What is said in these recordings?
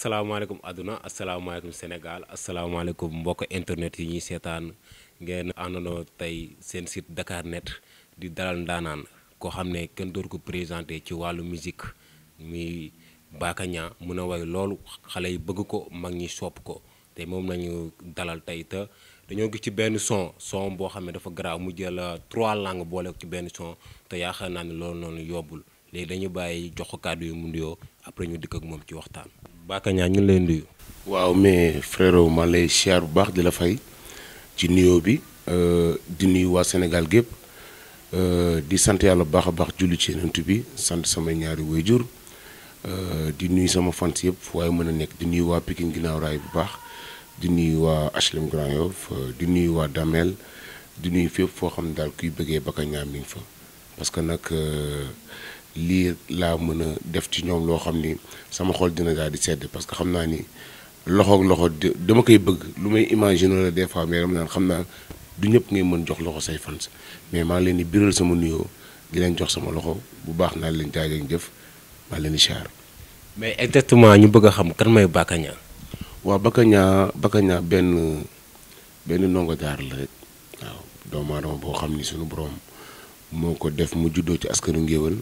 asalaamaaleykum àdduna asalaamaaleykum Sénégal asalaamaaleykum mbokk internet yi ñuy seetaan ngeen àndandoo tey seen site Dakar Net di dalal ndaanaan koo xam ne kenn door ko présenté ci wàllu musique muy Baka Niang mën a way loolu xale yi bëgg ko mag ñi sopp ko te moom nañu dalal tey te dañoo gis ci benn son son boo xam ne dafa garaaw mu jël trois langues boole ci benn son te yaakaar naa ne loolu noonu yobbul léegi dañu bàyyi jox ko kàddu yi mu après ñu dikk ak moom ci waxtaan. Baka Niang ñu ngi lay nuyu. waaw mais frérot ma lay siyaar bu baax di la fay ci nuyo bi euh, di nuyu waa Sénégal gépp euh, di sant yàlla bu baax a baax julli ci Yonent bi sant samay ñaari waajur euh, di nuyu sama fans yëpp waaye mën a nekk di nuyu waa Pikine ginnaaw raay bu baax di nuy waa HLM Grand Yoff di nuyu waa Damel di nuyu fépp foo xam ne daal kuy bëggee Baka Niang mi ngi fa parce que nag. lii laa mën a def ci ñoom loo xam ni sama xol dina daal di sedd parce que xam naa ni loxoog loxo dama koy bëgg lu may imaginer la des fois mais xam naa du ñëpp ngay mën jox loxo say fans mais maa ngi leen di biral sama nuyoo di leen jox sama loxo bu baax naa leen jaajëf jëf maa leen di xaar mais exactement ñu bëgg a xam kan may Baka Niang waaw Baka Niang Baka Niang benn benn ndongo daara la rek waaw doomu aadama boo xam ni suñu boroom moo ko def mu juddoo ci askanu ngéwël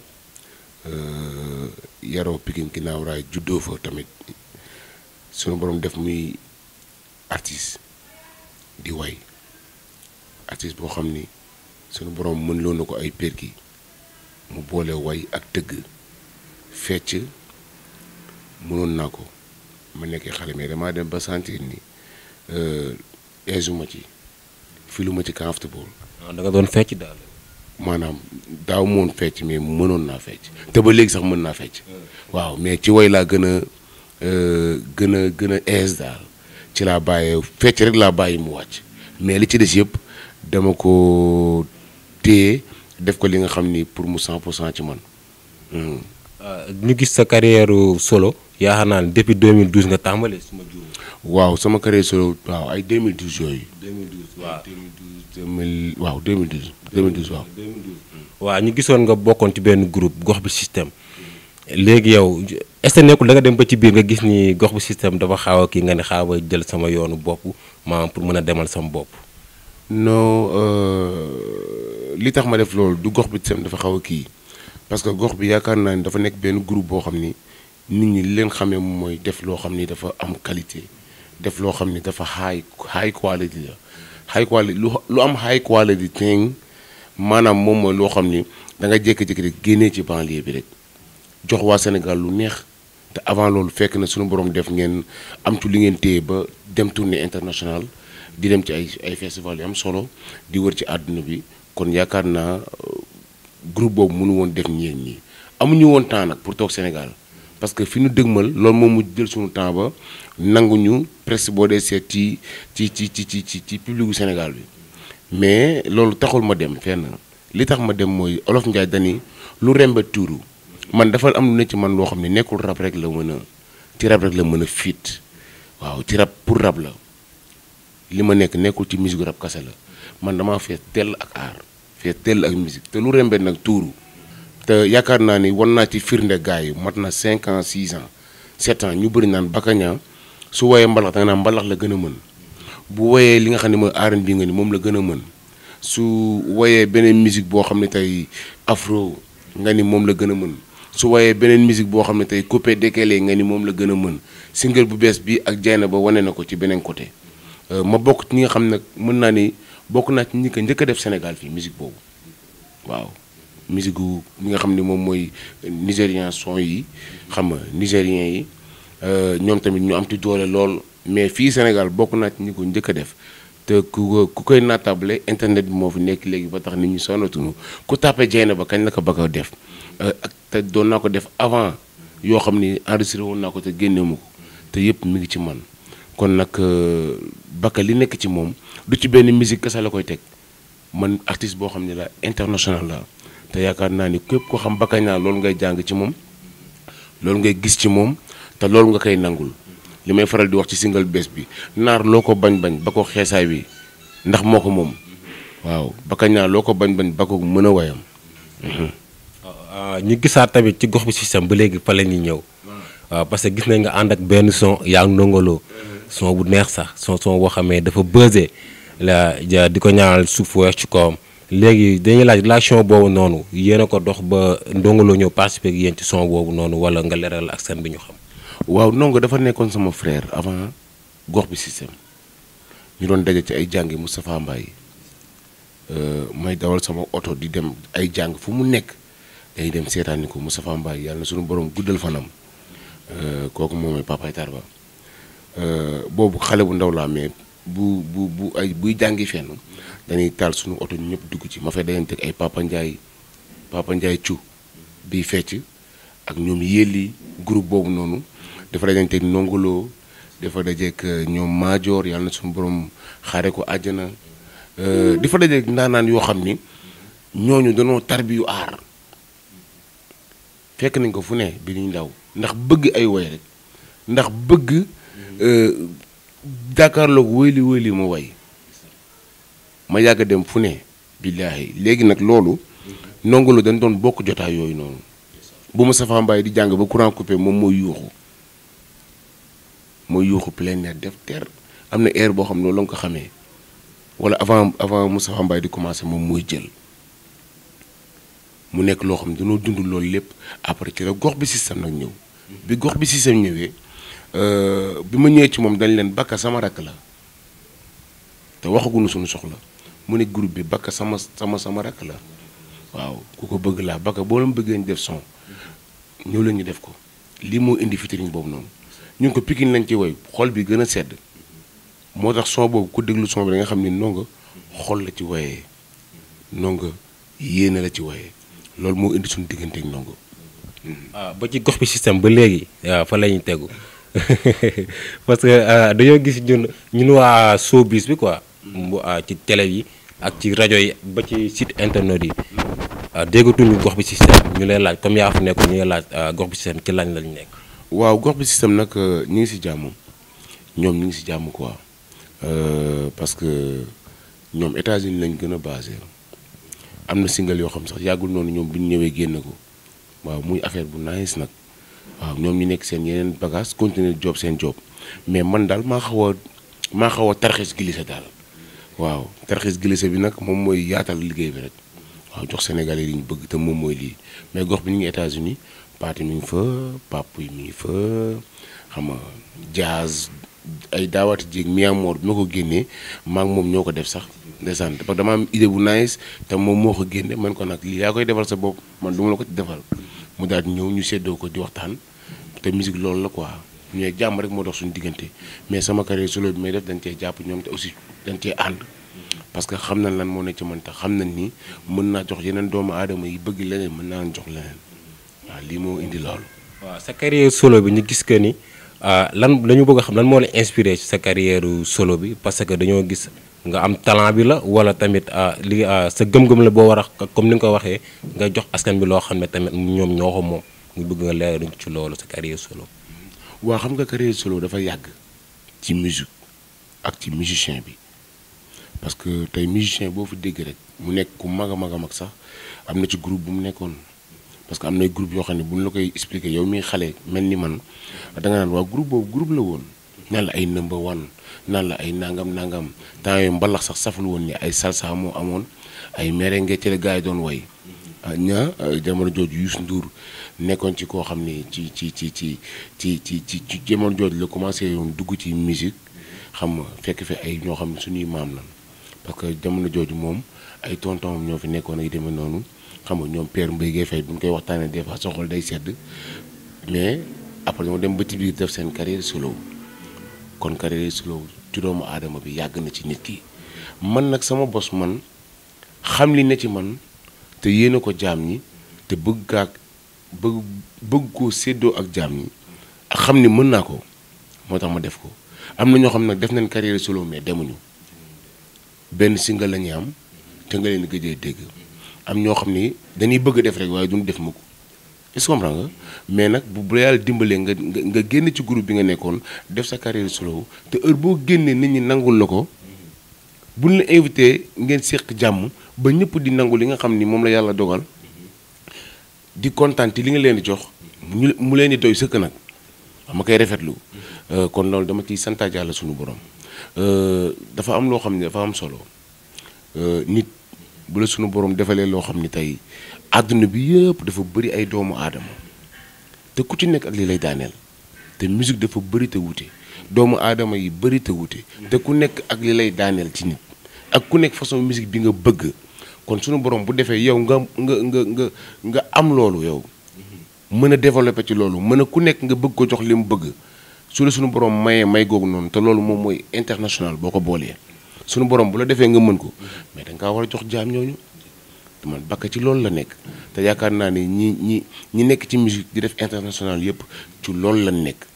Euh, yaroo Pikine ginnaaw raay juddoo fa tamit sunu borom def muy artiste di way artiste boo xam ni sunu borom mën loo na ko ay perki mu boole way ak tëgg fecc mënoon naa ko ma nekkee xale mais damaa dem ba sentir ni euh, eesuma ci filuma ci comfortable. Ah, da nga doon fecc daal. maanaam daaw moon fecc mais mënoon naa fecc te ba léegi sax mën naa fecc waaw mais ci woy laa gën a euh, gën a gën a aise daal ci laa bàyyee fecc rek laa bàyyi mu wàcc mais li ci des yëpp dama ko téye def ko li nga xam ni pour mu 100 pour cent ci man. Hmm. Ah, ñu gis sa carrière solo yaakaar naa ne depuis 2012 nga tàmbalee suma juróom. waaw sama carrière solo waaw ay 2012 yooyu. 2012 waaw waaw 2012. 2012 waaw 2012. ñu gisoon nga bokkoon ci benn groupe gox bi système. léegi yow est ce nekkul da dem ba ci biir nga gis ni gox bu système dafa xaaw a kii nga ne xaaw a jël sama yoonu bopp maanaam pour mën a demal sama bopp. non euh, li tax ma def loolu du gox bi système dafa xaw a kii parce que gox bi yaakaar naa ni dafa nekk benn groupe boo xam ni nit ñi li leen xamee mooy def loo xam ni dafa am qualité. def loo xam ni dafa high high quality la high quality lu lu am high quality thing maanaam moom mooy loo xam ni da nga jékki génnee ci banlier bi rek jox waa Sénégal lu neex te avant loolu fekk na suñu borom def ngeen am ci li ngeen téye ba dem tournée international di dem ci ay ay festival yu am solo di wër ci àdduna bi kon yaakaar naa euh, groupe boobu mënu woon def ñeen ñi amuñu woon temps nag pour toog Sénégal parce que fi ñu dëgmal loolu moom mu jël suñu temps ba nanguñu presque boo dee seet ci ci ci ci ci ci ci public Sénégal bi mais loolu taxul ma dem fenn li tax ma dem mooy olof Njaay dani lu rembe tuuru man defal am lu ne ci man loo xam ne nekkul rab rek la mën a ci rab rek la mën a fit waaw ci rab pour rab la li ma nekk nekkul ci musique rab kase la man dama fees tell ak aar fees tell ak musique te lu rembe nag tuuru te yaakaar naa ni wan naa ci firnde gars yi mat na 5 ans 6 ans 7 ans ñu bëri naan ñaa su woyee mbalax da nga naan mbalax la gën a mën bu woyee li nga xam ne mooy arène bi nga ni moom la gën a mën su woyee beneen musique boo xam ne tey afro nga ni moom la gën a mën su woyee beneen musique boo xam ne tey coupé décalé nga ni moom la gën a mën single bu bees bi ak jayna ba wanee na ko ci beneen côté euh, ma bokk ni nga xam ne mën naa ni bokk naa ci ñi njëkk a def Sénégal fii musique boobu waaw musique gu mi nga xam ne moom mooy nigérien son yi xam nga nigérien yi euh, ñoom tamit ñu am ci doole lool mais fii Sénégal bokk naa ci ñi ko njëkk a def te ku ku koy naatable internet bi moo fi nekk léegi ba tax nit ñi sonatuñu ku tàppe jey na ba kañ la ko bëgg a def euh, ak te doon naa ko def avant yoo xam ni enregistré woon naa ko te génne ko te yëpp mi ngi ci man kon nag euh, Baka li nekk ci moom du ci benn musique kese la koy teg man artiste boo xam ne la international la te yaakaar naa ni képp ko xam Bacagnan loolu ngay jàng ci moom loolu ngay gis ci moom te loolu nga koy nangul li may faral di wax ci single bés bi naar loo ko bañ bañ ba ko xeesaay bi ndax moo ko moom waaw Bacagnan loo ko bañ bañ ba ko mën a wayam mhm. ah, ah, ñu gisaat tamit ci gox bi système ba léegi fa la ñëw waaw ah. parce que gis nañ nga ànd ak benn son yaa ngi ndongoloo mhm. son bu neex sax son son boo xamee dafa bëse la di ko ñaanal suuf weex ci kawam léegi dañuy laaj relation boobu noonu yéen a ko dox ba Ndongo Lo ñëw participer ak ci son boobu noonu wala nga leeral ak seen bi ñu xam. waaw Ndongo dafa nekkoon sama frère avant gox bi système ñu doon daje ci ay yi mu Moustapha Mbaye euh, may dawal sama oto di dem ay jàng fu mu nekk dañuy dem seetaani ko Moustapha Mbaye yàlla suñu borom guddal fanam euh, kooku moom mooy Papa Tarba euh, boobu xale bu ndaw laa mais. bu bu bu ay buy jàngi fenn dañuy taal suñu oto ñëpp dugg ci ma fay dayante ak ay Papa Ndiaye Papa Ndiaye cu biy fecc ak ñoom yéeli groupe boobu noonu dafa dajante ak nongoloo dafa dajeek euh, ñoom maajoor yàlla na suñu borom xaare ko àjjana euh, dafa dajeek ndaanaan yoo xam ni ñooñu danoo tarbiyu aar fekk nañ ko fu ne bi ñuy ndaw ndax bëgg ay woy rek ndax bëgg euh, jàkkaarloog wéyli wéyli ma way ma yàgg dem fu ne billaahi léegi nag loolu nongo la dañ doon bokk jotaay yooyu noonu bu ma safaa mbaay di jàng ba courant coupé moom mooy yuuxu mooy yuuxu plein air def teer am na air boo xam ne la nga ko xamee wala avant avant Moustapha Mbaye di commencé moom mooy jël mu nekk loo xam ne dañoo dund loolu lépp après ci la gox bi système nag ñëw bi gox bi système ñëwee Euh, bi ma ñëwee ci moom dañ leen bakka sama rakk la te waxaguñu suñu soxla mu ne groupe bi bakka sama sama sama rakk la waaw ku ko bëgg laa bakka boo leen bëggee ñu def son ñëw leen ñu def ko lii moo indi featuring boobu noonu ñu ngi ko pikin lañ ci woy xol bi gën a sedd moo tax son boobu ku déglu son bi da nga xam ni nonga xol la ci woyee nonga yéene la ci woyee loolu moo indi suñu diggante ak nonga. Ah, ba ci gox bi système ba léegi ah, fa lañuy ñuy tegu. parce que euh, dañoo gis ñun ñun waa showbiz bi quoi. bu euh, ci télé yi ak ci rajo yi ba ci site internet yi euh, déggatuñu gox bi système ñu lay laaj comme yaa fa nekk ñu lay laaj gox bi système ci lañ lañ nekk. waaw gox bi système nag ñu ngi si jàmm ñoom ñu ngi si jàmm quoi parce que ñoom États-Unis lañ gën a basé am na single yoo xam sax yàggul noonu ñoom bu ñu ñëwee génn ko waaw muy affaire bu nice nag. waaw ñoom ñu nekk seen yeneen bagage continuer job seen job mais man daal maa xaw maa xaw a tarxis glissé daal waaw tarxis glissé bi nag moom mooy yaatal liggéey bi rek waaw jox Sénégalais yi ñu bëgg te moom mooy lii mais gox bi ñu ngi États-Unis Pathé mi fa Papuy mi ngi fa xam nga jazz ay daawaati jéeg Miamor bi ma ko génnee maa moom ñoo ko def sax ndeysaan parce que dama am idée bu nice te moom moo ko génne man ko nag lii yaa koy defal sa bopp man du la ko defal mu daal di ñëw ñu seddoo ko di waxtaan. te musique loolu la quoi ñooy jàmm rek moo dox suñu diggante mais sama carrière solo bi may def dañ cee jàpp ñoom te aussi dañ cee ànd. parce que xam nañ lan moo ne ci man tax xam nañ ni mën naa jox yeneen doomu aadama yi bëgg leneen mën naa jox leneen lii moo indi loolu. waaw sa carrière solo bi ñu gis que ni ah, lan dañu bëgg a xam lan moo la inspiré ci sa carrière solo bi parce que dañoo gis nga am talent bi la wala tamit ah, li ah, sa gëm-gëm la boo war a comme ni nga ko waxee nga jox askan bi loo xam ne tamit ñoom ñoo ko moom. ñu bëgg nga leer nañ ci loolu sa carrière solo. waaw xam nga carrière solo dafa yàgg ci musique ak ci musicien bi parce que tey musicien boo fi dégg rek mu nekk ku mag a mag mag sax am na ci groupe bu mu nekkoon parce que am nay groupe yoo xam ne bu ñu la koy expliquer yow miy xale mel ni man danga nga naan waa groupe boobu groupe la woon naan la ay number one naan la ay nangam nangam temps yooyu mbalax sax saful woon ni ay salsa moo amoon ay merengue ci la gars yi doon way. Ah, ñaa jamono jooju Youssou Ndour nekkoon ci koo xam ni ci ci ci ci ci ci ci ci jamono jooju la commencé yoon dugg ci musique xam nga fekk fi ay ñoo xam ne suñuy maam la parce que jamono jooju moom ay tonton ñoo fi nekkoon ay demee noonu xam nga ñoom Père Mbaye Guèye Faye bu ñu koy waxtaanee des fois sa xol day sedd mais après ñoo dem ba ci biir def seen carrière solo kon carrière solo ci doomu aadama bi yàgg na ci nit ki man nag sama bos man xam li ne ci man te yéene ko jaam ñi te bëgg ak bëgg bëgg koo séddoo ak jaam ñi xam ni mën naa ko moo tax ma def ko am na ñoo xam nag def nañ carrière solo mais demuñu benn single la ñuy am te nga leen gëjee dégg am ñoo xam ni dañuy bëgg def rek waaye duñ def mukk est-ce mais nag bu bu yàlla dimbalee nga nga génn ci groupe bi nga nekkoon def sa carrière solo te heure boo génnee nit ñi nangul la ko buñ la invité ngeen séq jàmm ba ñëpp di nangu li nga xam ni moom la yàlla dogal. di kontaan ci li nga leen di jox ñu mu leen di doy sëkk nag ma koy rafetlu euh, kon loolu dama ciy santaat suñu borom euh, dafa am loo xam ne dafa am solo euh, nit bu la suñu borom defalee loo xam ni tey àdduna bi yëpp dafa bëri ay doomu aadama te ku ci nekk ak li lay daaneel te musique dafa bëri te wute doomu aadama yi bëri te wute te ku nekk ak li lay daaneel ci nit ak ku nekk façon musique bi nga bëgg kon suñu borom bu defee yow nga nga nga nga nga am loolu yow mën a développer ci loolu mën a ku nekk nga bëgg ko jox li mu bëgg su la borom mayee may googu noonu te loolu moom mooy international boo ko boolee suñu borom bu la defee nga mën ko mais da nga war a jox jaam ñooñu man bakka ci loolu la nekk te yaakaar naa ni ñi ñi ñi nekk ci musique di def international yëpp ci loolu la nekk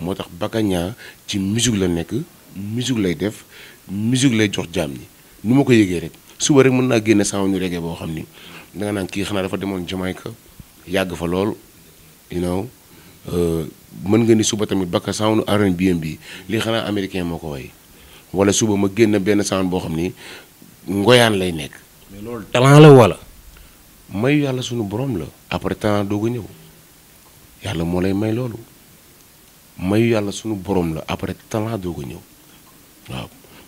moo tax Baka Niang ci musique la nekk musique lay def musique lay jox jaam ñi ma ko yëgee rek. suba rek mën naa génne sama ñu reggae boo xam ni danga naan kii xanaa dafa demoon Jamaica yàgg fa lool you euh, mën nga ni suba tamit bakka sound R&B bi lii xanaa américain moo ko way wala suba ma génn benn sound boo xam ni ngoyaan lay nekk. mais loolu talent la wala. mayu yàlla sunu boroom la. après talent doog a ñëw yàlla moo lay may loolu mayu yàlla sunu borom la après talent doog a ñëw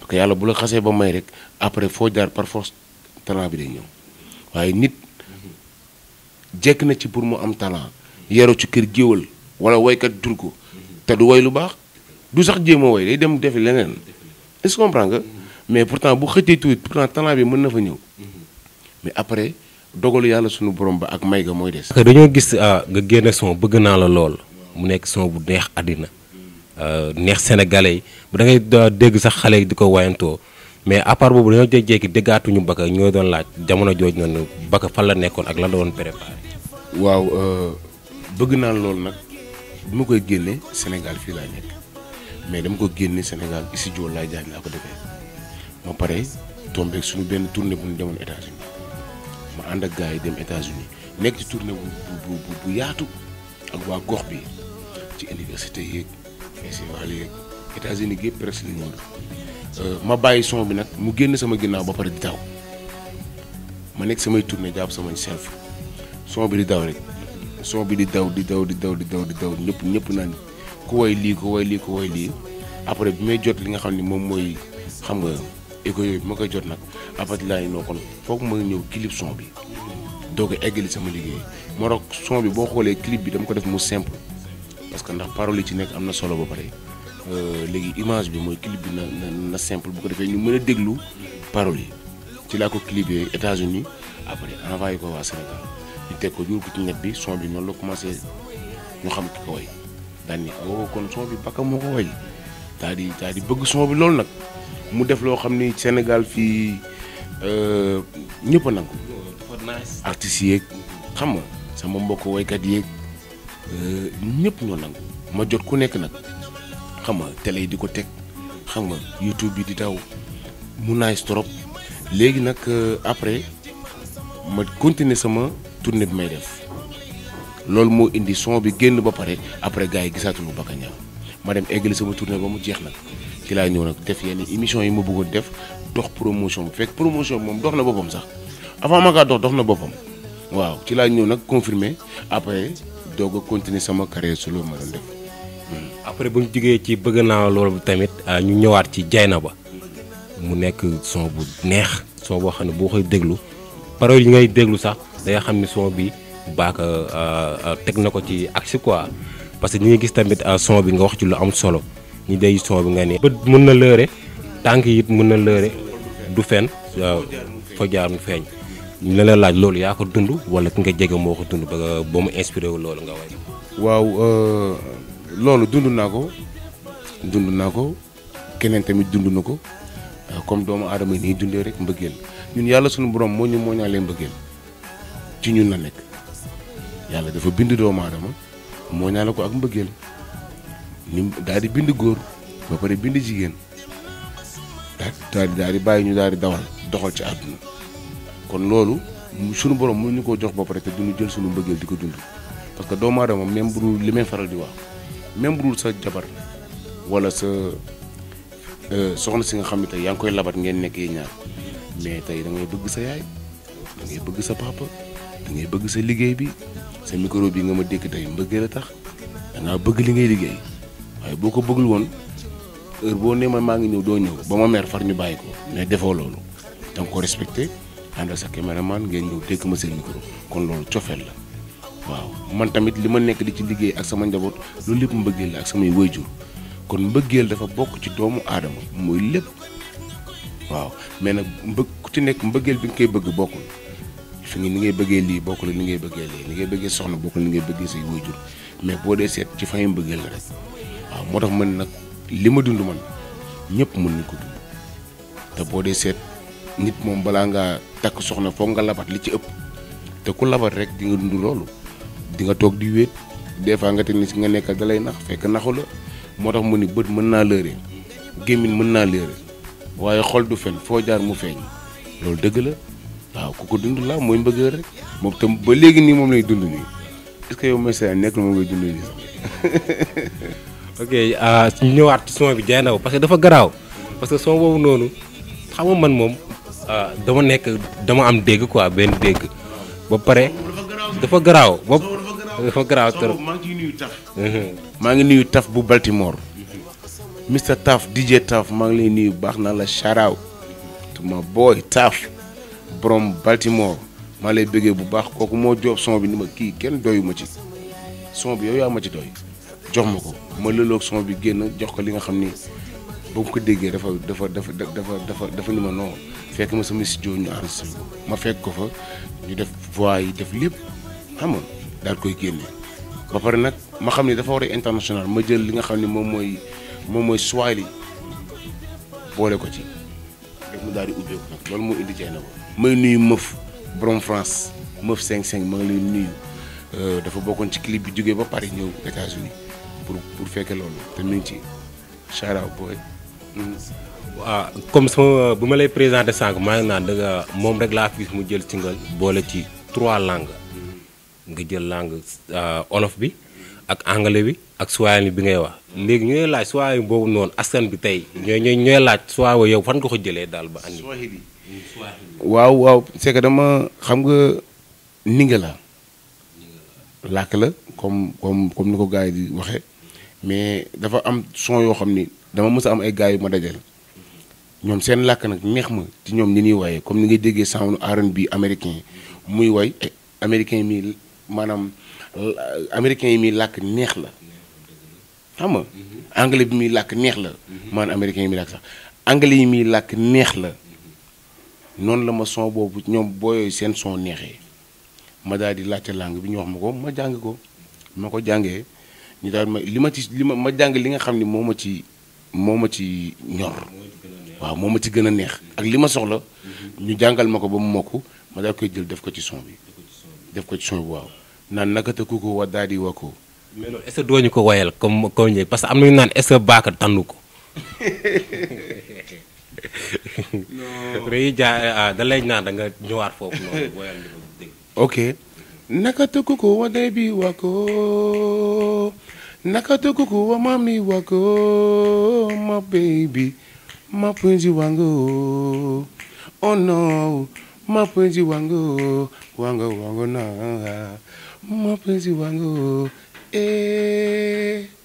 parce yàlla bu la xasee ba may rek après foo jaar par force bi day ñëw waaye nit jekk na ci pour mu am talent yaru ci kër géwal wala woykat jur ko te du woy lu baax du sax jéem a way day dem defi leneen est-ce que comprends nga mais pourtant bu xëccee tuuti pourtant talent bi mën na fa ñëw mais après dogalu yàlla sunu borom ba ak may ga mooy des. dañoo gis ah, nga génne son bëgg naa la lool mu nekk son bu neex àddina Euh, neex sénégalais yi bu da ngay dégg sax xale yi di ko wayantoo mais à part boobu dañoo jékki-jékki déggaatuñu Baka ñoo doon laaj jamono jooju noonu Baka fan la nekkoon ak lan la doon préparé. waaw euh, bëgg naa loolu nag bi ma koy génne Sénégal fii laa nekk mais dama ko génne Sénégal ici Dior laay jaay ko defee ma pare tombé suñu benn tourne bu ñu demoon États-Unis ma ànd ak gars yi dem États-Unis nekk ci tournée bu bu bu yaatu ak waa gox bi ci université yeeg. festival yeeg États-Unis gépp presque li ñu euh, ma bàyyi son bi nag mu génn sama ginnaaw ba pare di daw ma nekk samay tournée jàpp samay self son bi di daw rek son bi di daw di daw di daw di daw di daw ñëpp ñëpp naan ku woy lii ku woy lii ku woy lii après bi may jot li nga xam ni moom mooy xam nga écho yooyu bi ma koy jot nag après laa noo kon foog ma ñëw clip son bi doo ko eggali sama liggéey moo tax son bi boo xoolee clip bi dama ko def mu simple parce ndax paroles yi ci nekk am na solo ba pare euh, léegi image bi mooy clip bi na na simple bu ko defee ñu mën a déglu paroles yi ci laa ko clipé États-Unis après envoyé ko waa Sénégal ñu teg ko jur ko ci net bi son bi noonu la commencé ñu xam ki way daan ni oh, kon son bi bakka moo ko way daa di daa bëgg son bi loolu nag mu def loo xam ni Sénégal fii euh, ñëpp a nangu. artistes yeeg xam nga sama mbokk waykat yeeg. Euh, ñëpp ñoo nangu ma jot ku nekk nag xam nga tele yi di ko teg xam nga YouTube bi di daw mu nice trop léegi nag euh, après ma continuer sama tournée bi may def loolu moo indi son bi génn ba pare après gars yi gisaatuñu Baka Niang ma dem eggali sama tournée ba mu jeex nag ci laa ñëw nag def yenn émission yi ma bëggoon def dox promotion bu fekk promotion bi moom dox na boppam sax avant ma kaa dox dox na boppam waaw ci laa ñëw nag confirmé après doog a continuer sama carrière su loolu ma def. après bu ñu jugee ci bëgg naa loolu tamit ah, ñu ñëwaat ci ba mu nekk son bu neex son boo xam ne boo koy déglu paroles yi ngay déglu sax da xam ne son bi baaka ah, ah, teg na ko ci aksi quoi parce que ñu ngi gis tamit son bi nga wax ci lu am solo ñu day son bi nga ne. bët mën na lëre tànk yi it mën na lëre du fen foo feeñ. ñu la laaj loolu yaa ko dund wala ki nga jege moo ko dund ba ba mu inspiré wu loolu nga way waaw euh, loolu dund naa ko dund naa ko keneen tamit dund na ko comme doomu aadama yi nii dundee rek mbëggeel ñun yàlla suñu borom moo ñu moo ñaalee mbëggeel ci ñun la nekk yàlla dafa bind doomu aadama moo ñaale ko ak mbëggeel ni daal di bind góor ba pare bind jigéen daal di daal di bàyyi ñu daal di dawal doxal ci àdduna kon loolu sunu borom ñu koo jox ba pare te duñu jël sunu mbëggeel di ko dund parce que doomu aadama même bu li may faral di wax même bu sa jabar wala sa euh, soxna si nga xam ne tey yaa ngi koy labat ngeen nekk yi ñaar mais tey da ngay bëgg sa yaay da ngay bëgg sa papa da ngay bëgg sa liggéey bi sa micro yi nga ma dékk tey mbëggeel a tax da bëgg li ngay liggéey waaye boo ko bëggul woon heure boo nee ma maa ngi ñëw doo ñëw ba ma mer far ñu bàyyi ko mais defoo loolu da nga ànd ak sa caméraman ngeen ñëw dégg ma seen micro kon loolu cofeel la waaw man tamit li ma nekk di ci liggéey ak sama njaboot loolu lépp mbëggee la ak samay wayjur kon mbëggeel dafa bokk ci doomu aadama mooy lépp waaw mais nag mbëgg ku ci nekk mbëggeel bi nga koy bëgg bokkul fi nga ni ngay bëggee lii bokkul ni ngay bëggee lii ni ngay bëggee soxna bokkul ni ngay bëggee say wayjur mais boo dee seet ci fay mbëggeel la rek waaw moo tax man nag li ma dund man ñëpp mën nañ boo dee seet nit moom balaa ngaa takk soxna foog nga labat li ci ëpp te ku labat rek di nga dund loolu di nga toog di wéet des fois nga te ni si nga nekkal da lay nax fekk naxu la moo tax mu ni bët mën naa lëre gémmiñ mën naa lëre waaye xol du fen foo jaar mu feeñ loolu dëgg la waaw ku ko dund la mooy mbëggeel rek moom tam ba léegi nii moom lay dund nii est-ce que yow message nekk na moom ngay dund nii sax. ok ah, ñëwaat ci bi Dieye Ndao parce que dafa garaaw parce que son boobu noonu xam nga man moom. Euh, dama nekk dama am dégg quoi benn dégg ba pare dafa garaaw ba dafa garaaw maa ngi nuyu taf mhm. maa ngi nuyu taf bu Baltimore Mr Taf DJ taaf maa ngi lay nuyu baax na la charaaw ma booy Taf borom Baltimore maa lay bëggee bu baax kooku moo joob son bi ni ma kii kenn doyu ma ci son bi yow yaa ma ci doy jox ma ko ma lëloog son bi génn jox ko li nga xam ni ba mu ko déggee dafa dafa dafa dafa dafa dafa ni ma non fekk ma sama studio ñu enregistré ma fekk ko fa ñu def voix yi def lépp xam nga daal koy génne ba pare nag ma xam ne dafa war a international ma jël li nga xam ne moom mooy moom mooy swahili boole ko ci rek mu daal di ubbeeku nag loolu moo indi jey na ko may nuyu mëf borom France mëf 55 ma ngi lay nuyu euh, dafa bokkoon ci clip bi jógee ba Paris ñëw États-Unis pour pour fekkee loolu te mi ngi ci shout out boy waaw ah, comme sama bu ma lay présenté sànq maa ngi naan danga moom rek laa fi gis mu jël single boole ci trois langues nga jël langue ah, olof bi ak anglais bi ak suwaayani bi ngay wax léegi ñooy laaj suwaay boobu noonu askan bi tey ñooy ñooy ñooy laaj suwaay yow fan nga ko jëlee daal ba andi. waaw waaw c'est que dama xam nga ninga la làkk la comme comme comme ni ko gars di waxee mais dafa am son yoo xam ni. dama mës a am ay gars yu ma dajal ñoom seen làkk nag neex ma ci ñoom ni ñuy waaye comme ni ngay déggee sound R&B américain muy way américain mi maanaam américain yi muy eh, euh, làkk neex la xam nga mm-hmm. anglais bi muy làkk neex la mm-hmm. maanaam américain yi muy làkk sax anglais yi muy làkk neex la mm-hmm. noonu la ma son boobu ñoom booyooyu seen son neexee ma daal di laajte langue bi ñu wax ma ko ma jàng ko ma ko jàngee ñu daal ma li ma ci li ma ma jàng li nga xam ni moom ma ci moo ma ci ñor waaw moo ma ci gën a neex ak li ma soxla ñu jàngal ma ko ba mu mokk ma daal koy jël def ko ci son bi def ko ci son bi waaw naan naka te ku ko wa di wa ko mais doo ñu ko woyal comme comme ñëw parce que am nañu naan est ce que baaka tànnu ko. Ah, naan da ñëwaat foofu bi wa Nakata kuku wa mami wako, my baby, my punji wango. Oh no, my punji wango, wango wango na, my punji wango, eh.